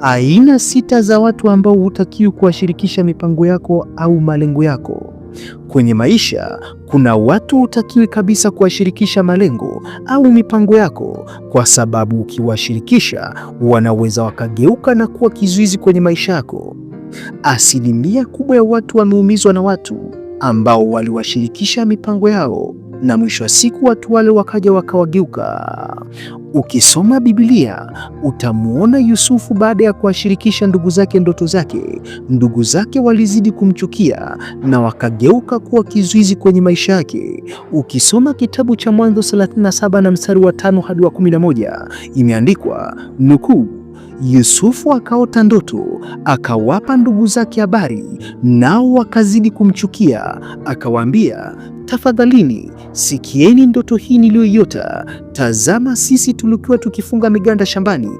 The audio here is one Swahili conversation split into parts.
aina sita za watu ambao hutakiwi kuwashirikisha mipango yako au malengo yako kwenye maisha. Kuna watu hutakiwi kabisa kuwashirikisha malengo au mipango yako, kwa sababu ukiwashirikisha wanaweza wakageuka na kuwa kizuizi kwenye maisha yako. Asilimia kubwa ya watu wameumizwa na watu ambao waliwashirikisha mipango yao na mwisho wa siku watu wale wakaja wakawageuka. Ukisoma Biblia utamwona Yusufu, baada ya kuwashirikisha ndugu zake ndoto zake, ndugu zake walizidi kumchukia na wakageuka kuwa kizuizi kwenye maisha yake. Ukisoma kitabu cha Mwanzo 37 na mstari wa 5 hadi wa 11 imeandikwa nukuu Yusufu akaota ndoto, akawapa ndugu zake habari, nao wakazidi kumchukia. Akawaambia, tafadhalini sikieni ndoto hii niliyoiota. Tazama, sisi tulikuwa tukifunga miganda shambani,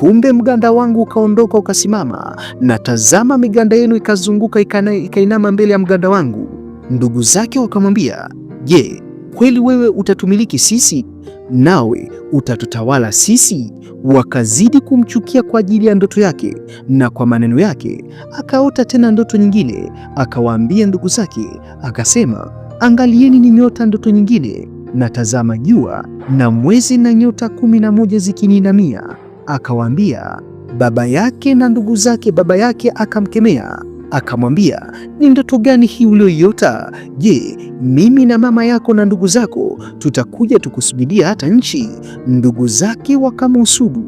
kumbe mganda wangu ukaondoka ukasimama, na tazama miganda yenu ikazunguka ikainama mbele ya mganda wangu. Ndugu zake wakamwambia, je, kweli wewe utatumiliki sisi nawe utatutawala sisi? Wakazidi kumchukia kwa ajili ya ndoto yake na kwa maneno yake. Akaota tena ndoto nyingine, akawaambia ndugu zake akasema, angalieni nimeota ndoto nyingine, na tazama jua na mwezi na nyota kumi na moja zikininamia. Akawaambia baba yake na ndugu zake. Baba yake akamkemea akamwambia, ni ndoto gani hii uliyoiota? Je, mimi na mama yako na ndugu zako tutakuja tukusubidia hata nchi? Ndugu zake wakamhusudu,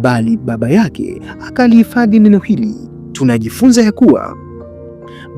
bali baba yake akalihifadhi neno hili. Tunajifunza ya kuwa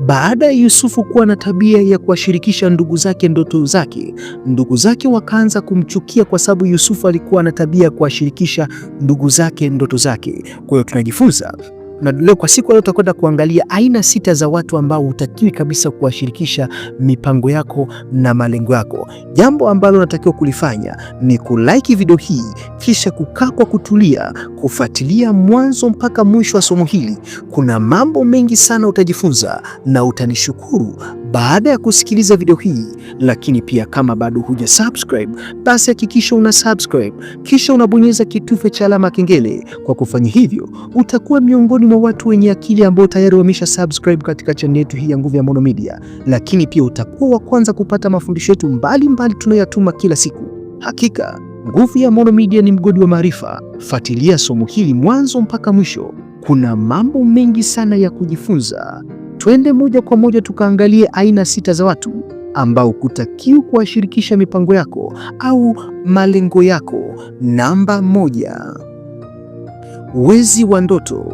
baada ya Yusufu kuwa na tabia ya kuwashirikisha ndugu zake ndoto zake, ndugu zake wakaanza kumchukia kwa sababu Yusufu alikuwa na tabia ya kuwashirikisha ndugu zake ndoto zake. Kwa hiyo tunajifunza na leo kwa siku leo utakwenda kuangalia aina sita za watu ambao hutakiwi kabisa kuwashirikisha mipango yako na malengo yako. Jambo ambalo unatakiwa kulifanya ni kulike video hii, kisha kukaa kwa kutulia, kufuatilia mwanzo mpaka mwisho wa somo hili. Kuna mambo mengi sana utajifunza na utanishukuru baada ya kusikiliza video hii, lakini pia kama bado huja subscribe, basi hakikisha una subscribe kisha unabonyeza kitufe cha alama ya kengele. Kwa kufanya hivyo, utakuwa miongoni mwa watu wenye akili ambao tayari wamesha subscribe katika channel yetu hii ya Nguvu ya Maono Media, lakini pia utakuwa wa kwanza kupata mafundisho yetu mbalimbali tunayoyatuma kila siku. Hakika Nguvu ya Maono Media ni mgodi wa maarifa. Fuatilia somo hili mwanzo mpaka mwisho, kuna mambo mengi sana ya kujifunza. Twende moja kwa moja tukaangalie aina sita za watu ambao hutakiwi kuwashirikisha mipango yako au malengo yako. Namba moja, wezi wa ndoto.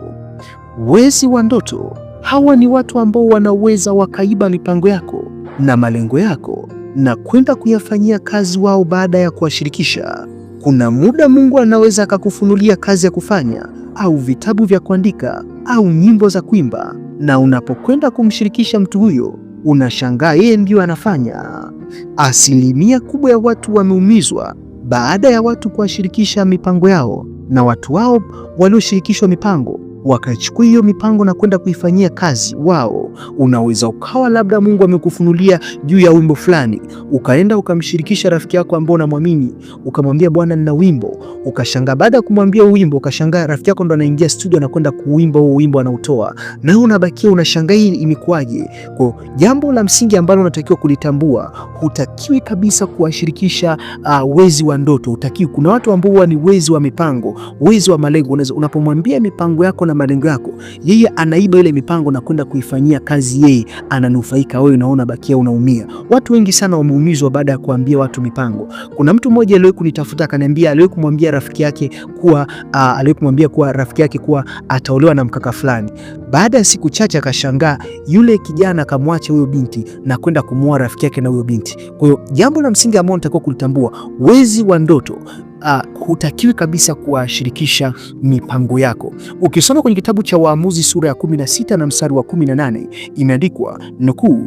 Wezi wa ndoto hawa ni watu ambao wanaweza wakaiba mipango yako na malengo yako na kwenda kuyafanyia kazi wao baada ya kuwashirikisha. Kuna muda Mungu anaweza akakufunulia kazi ya kufanya au vitabu vya kuandika au nyimbo za kuimba na unapokwenda kumshirikisha mtu huyo unashangaa yeye ndiyo anafanya. Asilimia kubwa ya watu wameumizwa baada ya watu kuwashirikisha mipango yao, na watu wao walioshirikishwa mipango wakachukua hiyo mipango na kwenda kuifanyia kazi wao. Unaweza ukawa labda Mungu amekufunulia juu ya wimbo fulani, ukaenda ukamshirikisha rafiki yako ambaye unamwamini, ukamwambia bwana, nina wimbo, ukashangaa baada ya kumwambia huo wimbo, ukashangaa rafiki yako ndo anaingia studio na kwenda kuimba huo wimbo, anautoa na wewe unabakia unashangaa, hii imekuaje? Kwa jambo la msingi ambalo unatakiwa kulitambua, hutakiwi kabisa kuwashirikisha uh, wezi wa ndoto, hutakiwi. Kuna watu ambao ni wezi wa mipango, wezi wa malengo. Unapomwambia mipango yako na malengo yako. Yeye anaiba ile mipango na kwenda kuifanyia kazi, yeye ananufaika, wewe unaona bakia unaumia. Watu wengi sana wameumizwa baada ya kuambia watu mipango. Kuna mtu mmoja aliyewahi kunitafuta akaniambia, aliyewahi kumwambia rafiki yake kuwa uh, aliyewahi kumwambia kuwa rafiki yake kuwa ataolewa na mkaka fulani. Baada ya siku chache akashangaa yule kijana akamwacha huyo binti na kwenda kumwoa rafiki yake na huyo binti. Kwa hiyo jambo la msingi ambalo nitakuwa kulitambua, wezi wa ndoto uh, hutakiwi kabisa kuwashirikisha mipango yako. Ukisoma kwenye kitabu cha Waamuzi sura ya 16 na mstari wa 18 imeandikwa nukuu,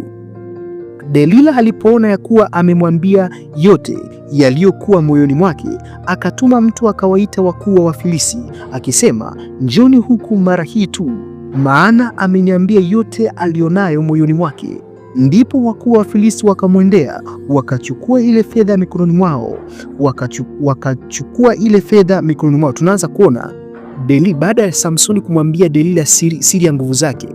Delila alipoona ya kuwa amemwambia yote yaliyokuwa moyoni mwake, akatuma mtu akawaita wakuu wa Wafilisi akisema, njoni huku mara hii tu, maana ameniambia yote aliyonayo moyoni mwake. Ndipo wakuu wa Wafilisti wakamwendea wakachukua ile fedha mikononi mwao, wakachu, wakachukua ile fedha mikononi mwao. Tunaanza kuona Delila, baada ya Samsoni kumwambia Delila siri, siri ya nguvu zake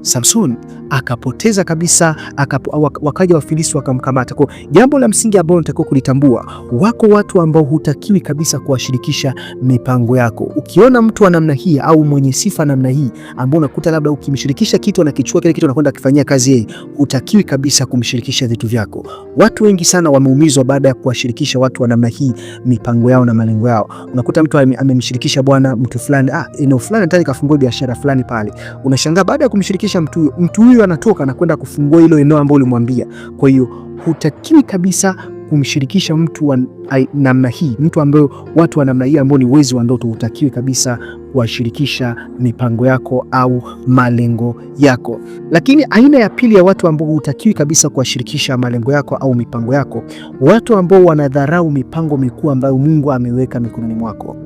Samsoni akapoteza kabisa, akapo, wakaja Wafilisti wakamkamata. Kwa jambo la msingi ambalo natakiwa kulitambua, wako watu ambao hutakiwi kabisa kuwashirikisha mipango yako. Ukiona mtu wa namna hii au mwenye sifa namna hii ambao unakuta labda ukimshirikisha kitu anakichukua kile kitu anakwenda kufanyia kazi yeye, hutakiwi kabisa kumshirikisha vitu vyako. Watu wengi sana wameumizwa baada ya kuwashirikisha watu wa namna hii mipango yao na malengo yao. Unakuta mtu amemshirikisha bwana mtu fulani, ah, eneo fulani nataka kafungue biashara fulani pale, unashangaa baada ya kumshirikisha mtu mtu huyo huyo anatoka na kwenda kufungua hilo eneo ambalo ulimwambia. Kwa hiyo hutakiwi kabisa kumshirikisha mtu wa namna hii, mtu ambaye watu wa namna hii ambao ni wezi wa ndoto, hutakiwi kabisa kuwashirikisha mipango yako au malengo yako. Lakini aina ya pili ya watu ambao hutakiwi kabisa kuwashirikisha malengo yako au mipango yako, watu ambao wanadharau mipango mikuu ambayo Mungu ameweka mikononi mwako.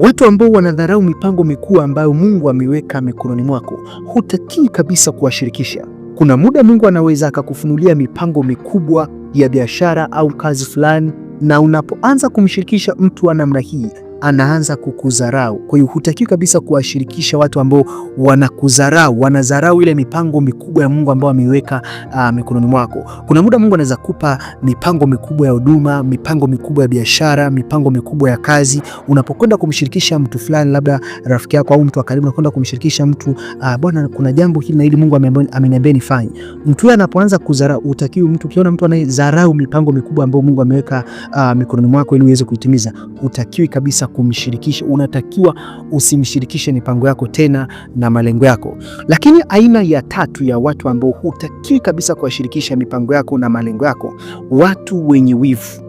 Watu ambao wanadharau mipango mikuu ambayo Mungu ameweka mikononi mwako, hutakii kabisa kuwashirikisha. Kuna muda Mungu anaweza akakufunulia mipango mikubwa ya biashara au kazi fulani, na unapoanza kumshirikisha mtu wa namna hii anaanza kukudharau. Kwa hiyo hutakiwi kabisa kuwashirikisha watu ambao wanakudharau, wanadharau ile mipango mikubwa ya Mungu ambayo ameiweka uh, mikononi mwako. Kuna muda Mungu anaweza kupa mipango mikubwa ya huduma, mipango mikubwa ya biashara, mipango mikubwa ya kazi. Unapokwenda kumshirikisha mtu fulani, labda rafiki yako au mtu wa karibu, unakwenda kumshirikisha mtu uh, bwana, kuna jambo hili na hili Mungu ameniambia nifanye. Mtu huyo anapoanza kudharau, hutakiwi mtu, ukiona mtu anayedharau mipango mikubwa ambayo Mungu ameweka uh, mikononi mwako ili uweze kuitimiza, hutakiwi kabisa kumshirikisha, unatakiwa usimshirikishe mipango yako tena na malengo yako. Lakini aina ya tatu ya watu ambao hutakiwi kabisa kuwashirikisha mipango yako na malengo yako, watu wenye wivu.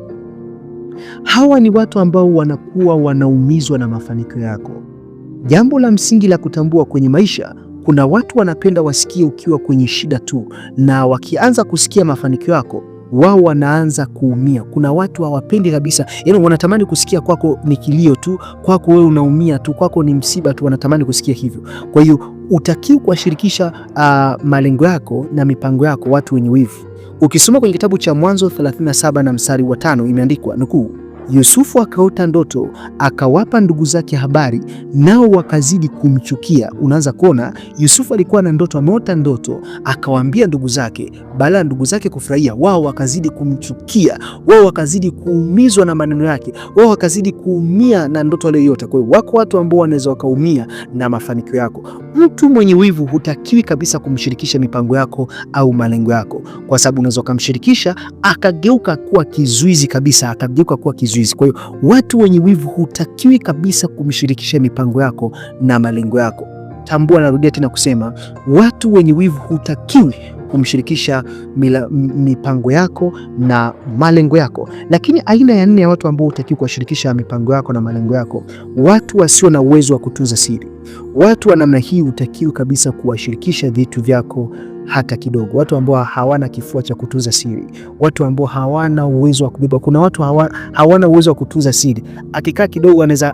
Hawa ni watu ambao wanakuwa wanaumizwa na mafanikio yako. Jambo la msingi la kutambua kwenye maisha kuna watu wanapenda wasikie ukiwa kwenye shida tu, na wakianza kusikia mafanikio yako wao wanaanza kuumia. Kuna watu hawapendi kabisa, yaani wanatamani kusikia kwako ni kilio tu, kwako wewe unaumia tu, kwako ni msiba tu, wanatamani kusikia hivyo. Kwa hiyo utakiwa kuwashirikisha uh, malengo yako na mipango yako watu wenye wivu. Ukisoma kwenye kitabu cha Mwanzo 37 na mstari wa tano imeandikwa nukuu Yusufu akaota ndoto akawapa ndugu zake habari, nao wakazidi kumchukia. Unaanza kuona Yusufu alikuwa na ndoto, ameota ndoto akawaambia ndugu zake, baada ya ndugu zake kufurahia, wao wakazidi kumchukia, wao wakazidi kuumizwa na maneno yake, wao wakazidi kuumia na ndoto aliyoota. Kwa hiyo wako watu ambao wanaweza wakaumia na mafanikio yako. Mtu mwenye wivu hutakiwi kabisa kumshirikisha mipango yako au malengo yako, kwa sababu unaweza ukamshirikisha akageuka kuwa kizuizi kabisa, akageuka kuwa kizuizi hizi. Kwa hiyo watu wenye wivu hutakiwi kabisa kumshirikisha mipango yako na malengo yako. Tambua, narudia tena kusema, watu wenye wivu hutakiwi kumshirikisha mila, mipango yako na malengo yako. Lakini aina ya nne ya watu ambao hutakiwi kuwashirikisha mipango yako na malengo yako, watu wasio na uwezo wa kutunza siri. Watu wa namna hii hutakiwi kabisa kuwashirikisha vitu vyako hata kidogo. Watu ambao hawana kifua cha kutunza siri, watu ambao hawana uwezo wa kubeba. Kuna watu hawa, hawana uwezo wa kutunza siri, akikaa kidogo anaweza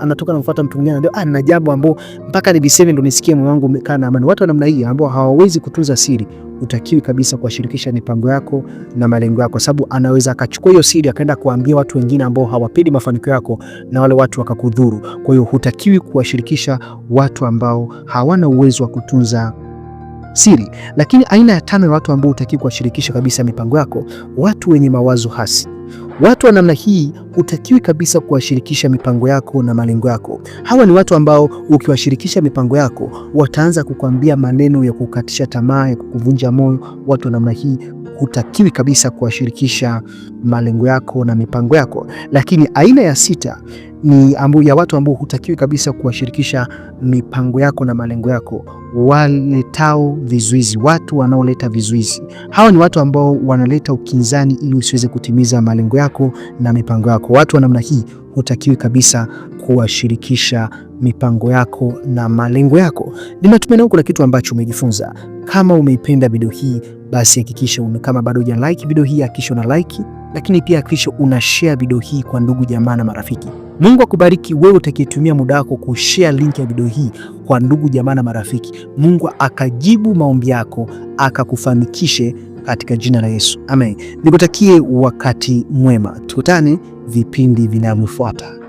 anatoka anamfuata mtu mwingine, ndio ana ah, jambo ambao mpaka nibiseme ndo nisikie moyo wangu umekaa na amani. Watu wa namna hii ambao hawawezi kutunza siri, utakiwi kabisa kuwashirikisha mipango yako na malengo yako, sababu anaweza akachukua hiyo siri akaenda kuambia watu wengine ambao hawapendi mafanikio yako, na wale watu wakakudhuru. Kwa hiyo hutakiwi kuwashirikisha watu ambao hawana uwezo wa kutunza siri. Lakini aina ya tano ya watu ambao hutakiwi kuwashirikisha kabisa mipango yako, watu wenye mawazo hasi. Watu wa namna hii hutakiwi kabisa kuwashirikisha mipango yako na malengo yako. Hawa ni watu ambao ukiwashirikisha mipango yako, wataanza kukwambia maneno ya kukatisha tamaa, ya kukuvunja moyo. Watu wa namna hii hutakiwi kabisa kuwashirikisha malengo yako na mipango yako. Lakini aina ya sita ni ambu, ya watu ambao hutakiwi kabisa kuwashirikisha mipango yako na malengo yako, waletao vizuizi, watu wanaoleta vizuizi. Hawa ni watu ambao wanaleta ukinzani ili usiweze kutimiza malengo yako na mipango yako. Watu wa namna hii hutakiwi kabisa kuwashirikisha mipango yako na malengo yako. Ninatumai na kuna kitu ambacho umejifunza. Kama umeipenda video hii, basi hakikisha kama bado hujalike video hii, hakikisha una like, lakini pia hakikisha una share video hii kwa ndugu jamaa na marafiki. Mungu akubariki wewe utakayetumia muda wako kushare link ya video hii kwa ndugu jamaa na marafiki. Mungu akajibu maombi yako akakufanikishe katika jina la Yesu, amen. Nikutakie wakati mwema, tukutane vipindi vinavyofuata.